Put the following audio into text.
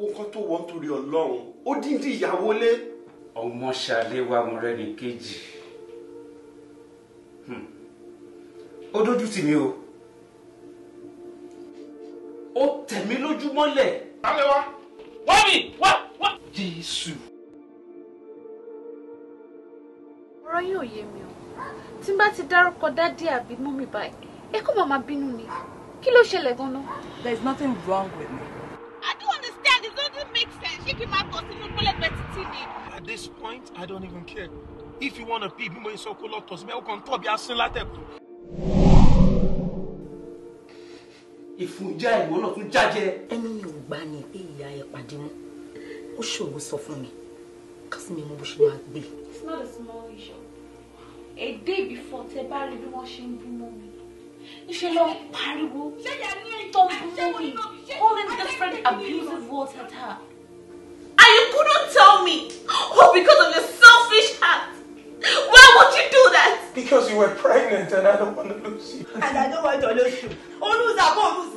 wo tó wọ́n torí ọlọ́run ó dídí ìyàwó lé. ọmọ ṣàléwá mo rẹ́ni kejì hmm. ó dójú tì mí o ó tẹ̀ lójú mọ́lẹ̀. alẹ́ wa wá mi wá wá. jésù. ọ̀rọ̀ yóò yé mi o tí n bá ti dárúkọ dádì àbí mọ́mì báyìí ẹ kó màmá bínú ni kí ló ṣẹlẹ̀ gan-an. there is nothing wrong with me ṣé kí n máa tọ̀ sínú gbólẹ̀gbẹ́ ni. at this point i don't even care if you wanna pee bí mo sọ kó lọ tọ̀ sí mi ọkàn tọ̀ bí asín látẹ̀kùn. ìfúnjá ìwọ náà tún jájẹ. ẹnu mi ò gbà ní pé ìyá ẹ pàdé mú ó ṣòro sọ fún mi kásì mi mo bó ṣe máa gbé. it's not a small issue a day before tẹ bá rí bí wọ́n ṣe ń bú mọ́ mi níṣẹ́ lọ pariwo tó ń bú mi all these different abusive words at her. All because of your selfish heart, Why would you do that? Because you were pregnant and I don't want to lose you. And I don't want to lose you. Olusa, go,